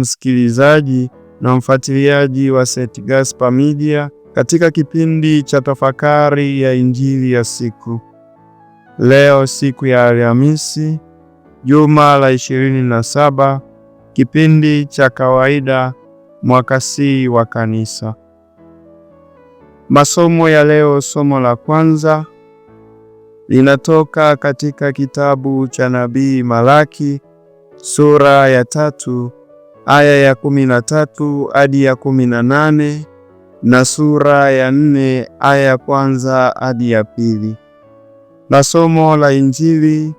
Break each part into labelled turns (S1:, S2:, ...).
S1: msikilizaji na mfuatiliaji wa St. Gaspar Media katika kipindi cha tafakari ya Injili ya siku. Leo siku ya Alhamisi, juma la ishirini na kipindi cha kawaida, mwaka C wa Kanisa. Masomo ya leo, somo la kwanza linatoka katika kitabu cha nabii Malaki sura ya tatu aya ya kumi na tatu hadi ya kumi na nane na sura ya nne aya ya kwanza hadi ya pili. Na somo la Injili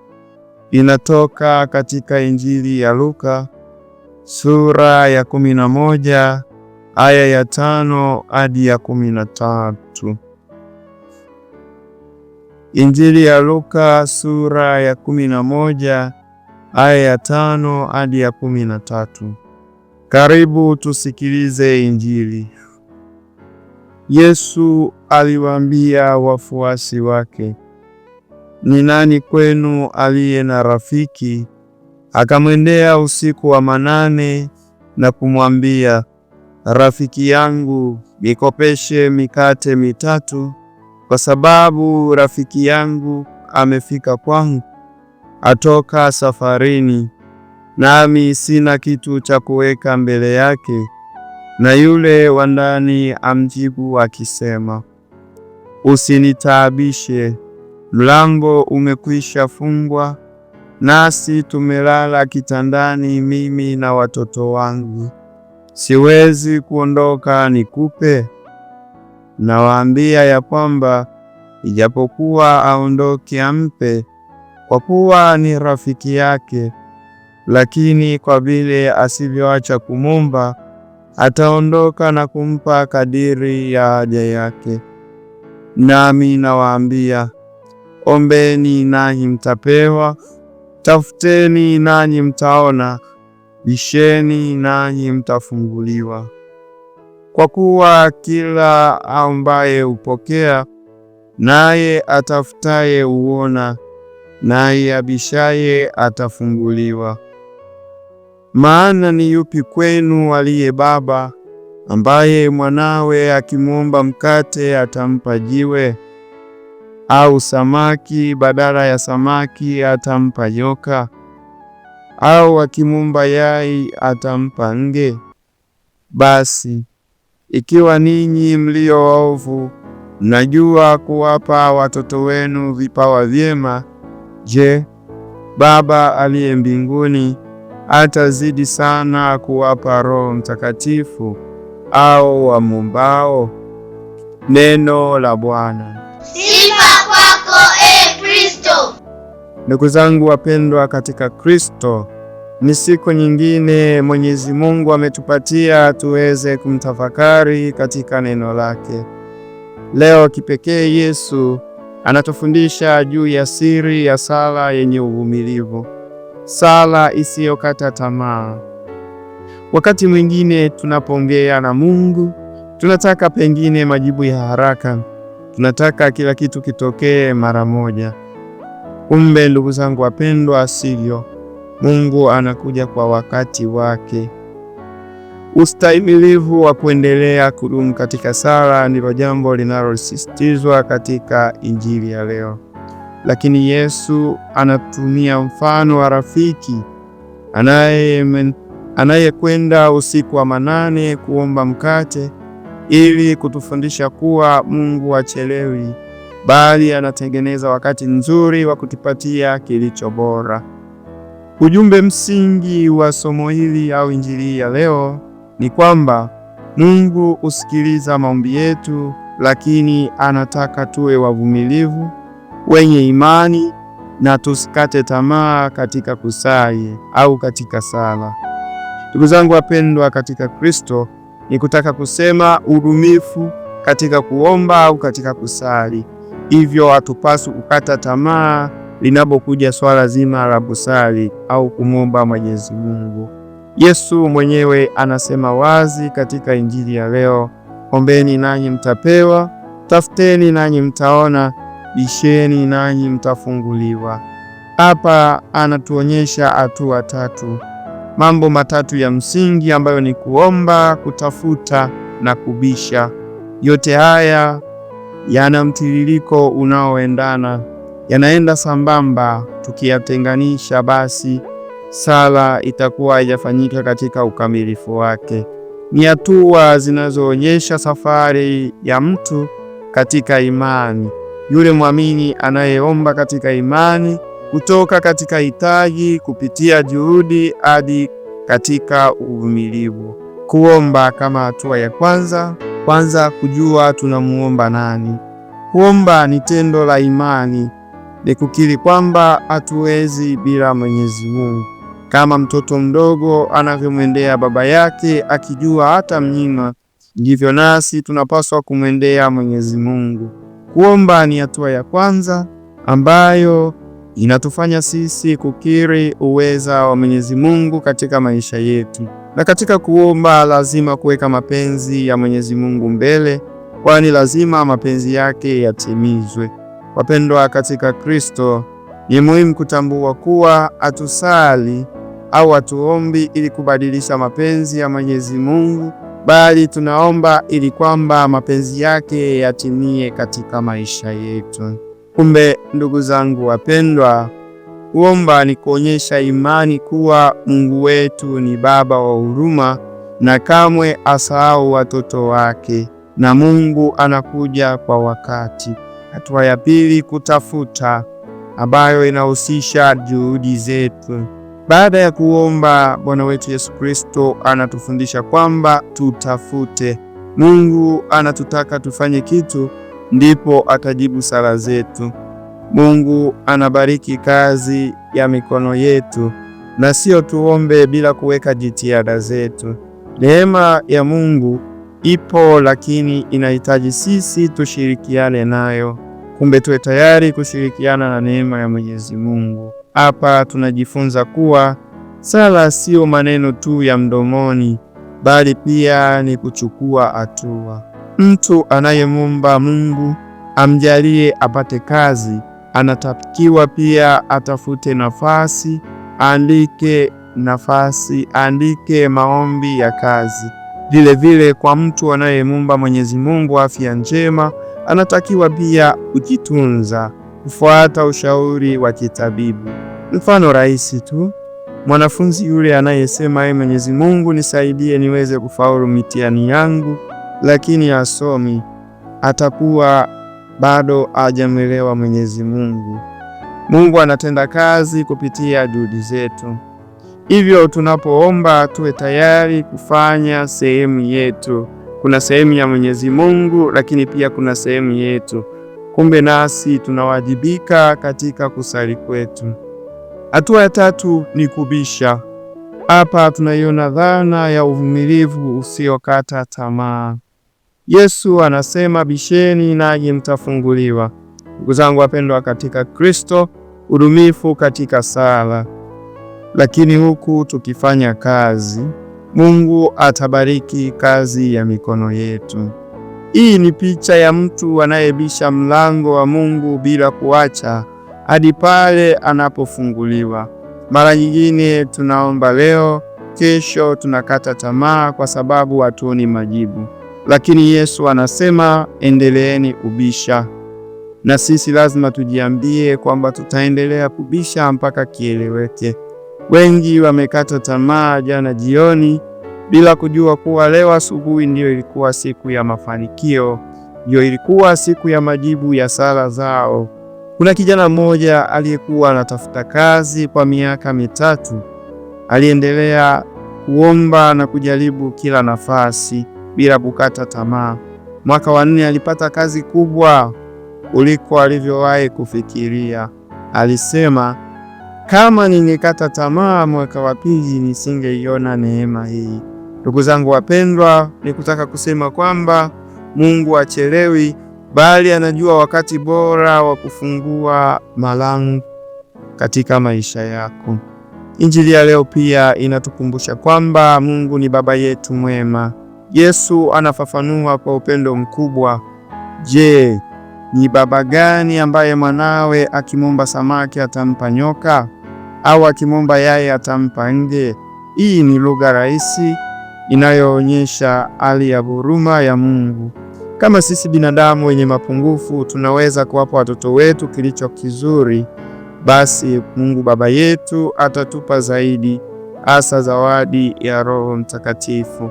S1: inatoka katika Injili ya Luka sura ya kumi na moja aya ya tano hadi ya kumi na tatu. Injili ya Luka sura ya kumi na moja aya ya tano hadi ya kumi na tatu. Karibu tusikilize Injili. Yesu aliwaambia wafuasi wake, ni nani kwenu aliye na rafiki akamwendea usiku wa manane na kumwambia, rafiki yangu, nikopeshe mikate mitatu, kwa sababu rafiki yangu amefika kwangu, atoka safarini nami sina kitu cha kuweka mbele yake. Na yule wa ndani amjibu akisema, usinitaabishe, mlango umekwisha fungwa, nasi tumelala kitandani, mimi na watoto wangu. Siwezi kuondoka nikupe? Nawaambia ya kwamba ijapokuwa aondoke ampe, kwa kuwa ni rafiki yake lakini kwa vile asivyoacha kumwomba, ataondoka na kumpa kadiri ya haja yake. Nami nawaambia, ombeni nanyi mtapewa, tafuteni nanyi mtaona, bisheni nanyi mtafunguliwa. Kwa kuwa kila ambaye hupokea, naye atafutaye huona, naye abishaye atafunguliwa. Maana ni yupi kwenu aliye baba ambaye mwanawe akimwomba mkate atampa jiwe? Au samaki badala ya samaki atampa yoka? Au akimwomba yai atampa nge? Basi ikiwa ninyi mlio waovu mnajua kuwapa watoto wenu vipawa vyema, je, Baba aliye mbinguni atazidi sana kuwapa Roho Mtakatifu au wamumbao. Neno la Bwana. Sifa kwako e Kristo. Ndugu zangu wapendwa katika Kristo, ni siku nyingine Mwenyezi Mungu ametupatia tuweze kumtafakari katika neno lake. Leo kipekee Yesu anatufundisha juu ya siri ya sala yenye uvumilivu sala isiyokata tamaa. Wakati mwingine tunapoongea na Mungu, tunataka pengine majibu ya haraka, tunataka kila kitu kitokee mara moja. Kumbe ndugu zangu wapendwa, asivyo. Mungu anakuja kwa wakati wake. Ustahimilivu wa kuendelea kudumu katika sala ndilo jambo linalosisitizwa katika Injili ya leo. Lakini Yesu anatumia mfano wa rafiki anayekwenda usiku wa manane kuomba mkate ili kutufundisha kuwa Mungu hachelewi, bali anatengeneza wakati nzuri wa kutupatia kilicho bora. Ujumbe msingi wa somo hili au injili ya leo ni kwamba Mungu husikiliza maombi yetu, lakini anataka tuwe wavumilivu wenye imani na tusikate tamaa katika kusali au katika sala. Ndugu zangu wapendwa katika Kristo, ni kutaka kusema udumifu katika kuomba au katika kusali. Hivyo hatupaswi kukata tamaa linapokuja swala zima la kusali au kumwomba Mwenyezi Mungu. Yesu mwenyewe anasema wazi katika Injili ya leo, ombeni nanyi mtapewa, tafuteni nanyi mtaona bisheni nanyi mtafunguliwa. Hapa anatuonyesha hatua tatu, mambo matatu ya msingi ambayo ni kuomba, kutafuta na kubisha. Yote haya yana mtiririko unaoendana, yanaenda sambamba. Tukiyatenganisha basi sala itakuwa haijafanyika katika ukamilifu wake. Ni hatua zinazoonyesha safari ya mtu katika imani. Yule mwamini anayeomba katika imani kutoka katika hitaji kupitia juhudi hadi katika uvumilivu. Kuomba kama hatua ya kwanza, kwanza kujua tunamuomba nani. Kuomba ni tendo la imani, ni kukiri kwamba hatuwezi bila Mwenyezi Mungu, kama mtoto mdogo anavyomwendea baba yake akijua hata mnyima, ndivyo nasi tunapaswa kumwendea Mwenyezi Mungu. Kuomba ni hatua ya kwanza ambayo inatufanya sisi kukiri uweza wa Mwenyezi Mungu katika maisha yetu, na katika kuomba lazima kuweka mapenzi ya Mwenyezi Mungu mbele, kwani lazima mapenzi yake yatimizwe. Wapendwa katika Kristo, ni muhimu kutambua kuwa hatusali au hatuombi ili kubadilisha mapenzi ya Mwenyezi Mungu bali tunaomba ili kwamba mapenzi yake yatimie katika maisha yetu. Kumbe ndugu zangu wapendwa, kuomba ni kuonyesha imani kuwa Mungu wetu ni Baba wa huruma na kamwe asahau watoto wake, na Mungu anakuja kwa wakati. Hatua ya pili, kutafuta, ambayo inahusisha juhudi zetu. Baada ya kuomba, Bwana wetu Yesu Kristo anatufundisha kwamba tutafute. Mungu anatutaka tufanye kitu, ndipo atajibu sala zetu. Mungu anabariki kazi ya mikono yetu, na sio tuombe bila kuweka jitihada zetu. Neema ya Mungu ipo, lakini inahitaji sisi tushirikiane nayo. Kumbe tuwe tayari kushirikiana na neema ya Mwenyezi Mungu. Hapa tunajifunza kuwa sala sio maneno tu ya mdomoni, bali pia ni kuchukua hatua. Mtu anayemwomba Mungu amjalie apate kazi, anatakiwa pia atafute nafasi, aandike nafasi, aandike maombi ya kazi. Vilevile, kwa mtu anayemwomba Mwenyezi Mungu afya njema, anatakiwa pia kujitunza, kufuata ushauri wa kitabibu. Mfano rahisi tu, mwanafunzi yule anayesema ye, ee Mwenyezi Mungu nisaidie niweze kufaulu mitihani yangu, lakini asomi, atakuwa bado hajamwelewa Mwenyezi Mungu. Mungu anatenda kazi kupitia juhudi zetu. Hivyo tunapoomba tuwe tayari kufanya sehemu yetu. Kuna sehemu ya Mwenyezi Mungu, lakini pia kuna sehemu yetu. Kumbe nasi tunawajibika katika kusali kwetu. Hatua ya tatu ni kubisha. Hapa tunaiona dhana ya uvumilivu usiokata tamaa. Yesu anasema bisheni nanyi mtafunguliwa. Ndugu zangu wapendwa katika Kristo, udumifu katika sala, lakini huku tukifanya kazi, Mungu atabariki kazi ya mikono yetu. Hii ni picha ya mtu anayebisha mlango wa Mungu bila kuacha hadi pale anapofunguliwa. Mara nyingine tunaomba leo, kesho tunakata tamaa kwa sababu hatuoni majibu, lakini Yesu anasema endeleeni kubisha, na sisi lazima tujiambie kwamba tutaendelea kubisha mpaka kieleweke. Wengi wamekata tamaa jana jioni bila kujua kuwa leo asubuhi ndiyo ilikuwa siku ya mafanikio, ndiyo ilikuwa siku ya majibu ya sala zao. Kuna kijana mmoja aliyekuwa anatafuta kazi kwa miaka mitatu. Aliendelea kuomba na kujaribu kila nafasi bila kukata tamaa. Mwaka wa nne alipata kazi kubwa kuliko alivyowahi kufikiria. Alisema, kama ningekata tamaa mwaka wa pili nisingeiona neema hii. Ndugu zangu wapendwa, nikutaka kusema kwamba Mungu achelewi bali anajua wakati bora wa kufungua malango katika maisha yako. Injili ya leo pia inatukumbusha kwamba Mungu ni Baba yetu mwema. Yesu anafafanua kwa upendo mkubwa. Je, ni baba gani ambaye mwanawe akimwomba samaki atampa nyoka au akimwomba yai atampa nge? Hii ni lugha rahisi inayoonyesha hali ya huruma ya Mungu. Kama sisi binadamu wenye mapungufu tunaweza kuwapa watoto wetu kilicho kizuri, basi Mungu Baba yetu atatupa zaidi, hasa zawadi ya Roho Mtakatifu.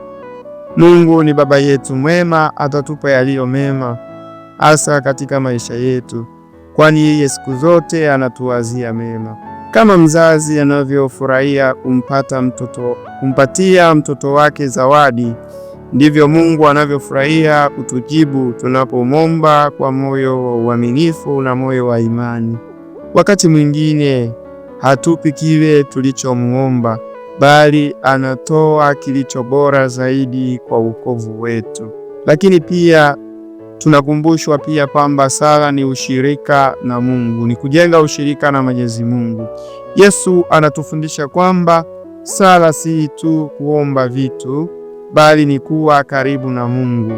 S1: Mungu ni Baba yetu mwema, atatupa yaliyo mema, hasa katika maisha yetu, kwani yeye siku zote anatuwazia mema. Kama mzazi anavyofurahia kumpata mtoto kumpatia mtoto wake zawadi ndivyo Mungu anavyofurahia kutujibu tunapomwomba kwa moyo wa uaminifu na moyo wa imani. Wakati mwingine hatupi kile tulichomwomba, bali anatoa kilicho bora zaidi kwa wokovu wetu. Lakini pia tunakumbushwa pia kwamba sala ni ushirika na Mungu, ni kujenga ushirika na Mwenyezi Mungu. Yesu anatufundisha kwamba sala si tu kuomba vitu bali ni kuwa karibu na Mungu.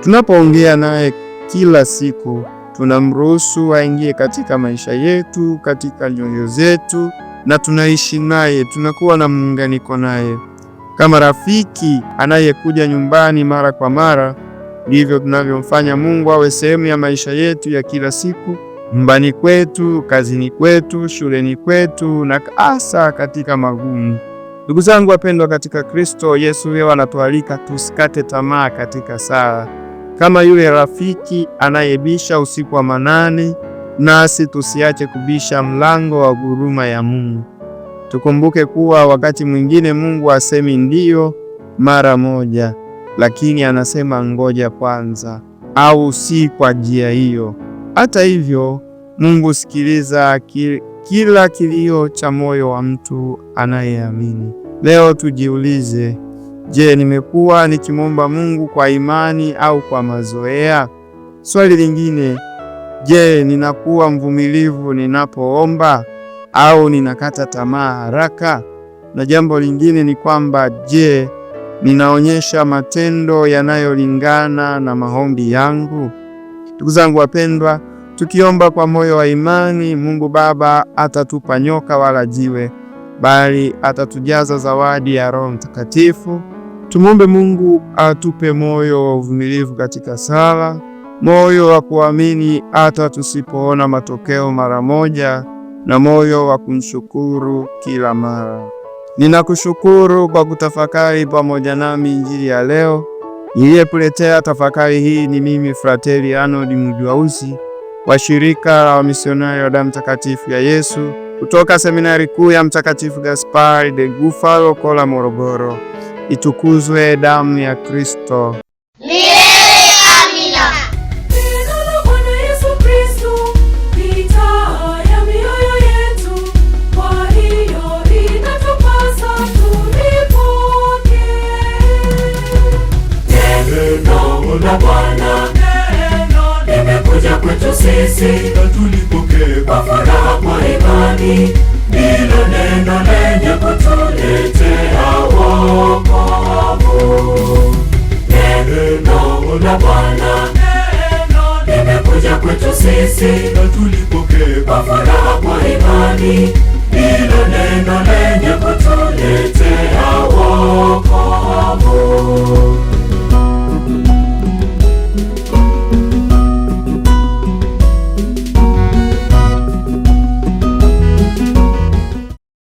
S1: Tunapoongea naye kila siku, tunamruhusu aingie katika maisha yetu, katika nyoyo zetu, na tunaishi naye, tunakuwa na muunganiko naye kama rafiki anayekuja nyumbani mara kwa mara. Ndivyo tunavyomfanya Mungu awe sehemu ya maisha yetu ya kila siku, nyumbani kwetu, kazini kwetu, shuleni kwetu, na hasa katika magumu. Ndugu zangu wapendwa katika Kristo Yesu, leo anatualika tusikate tamaa katika sala, kama yule rafiki anayebisha usiku wa manane, nasi tusiache kubisha mlango wa huruma ya Mungu. Tukumbuke kuwa wakati mwingine Mungu asemi ndiyo mara moja, lakini anasema ngoja kwanza, au si kwa njia hiyo. Hata hivyo Mungu sikiliza kila kilio cha moyo wa mtu anayeamini. Leo tujiulize, je, nimekuwa nikimwomba Mungu kwa imani au kwa mazoea? Swali lingine, je, ninakuwa mvumilivu ninapoomba au ninakata tamaa haraka? Na jambo lingine ni kwamba, je, ninaonyesha matendo yanayolingana na maombi yangu? Ndugu zangu wapendwa, tukiomba kwa moyo wa imani, Mungu Baba atatupa nyoka wala jiwe, bali atatujaza zawadi ya Roho Mtakatifu. Tumwombe Mungu atupe moyo wa uvumilivu katika sala, moyo wa kuamini hata tusipoona matokeo mara moja, na moyo wa kumshukuru kila mara. Ninakushukuru kwa kutafakari pamoja nami injili ya leo. Niliyekuletea tafakari hii ni mimi Frateli Arnold Mjausi washirika la wamisionari wa damu takatifu ya Yesu kutoka seminari kuu ya Mtakatifu Gaspari de Gufaro Kola, Morogoro. Itukuzwe damu ya Kristo!
S2: kwetu sisi na tulipokea kwa furaha kwa imani, bila neno lenye kutuletea wokovu.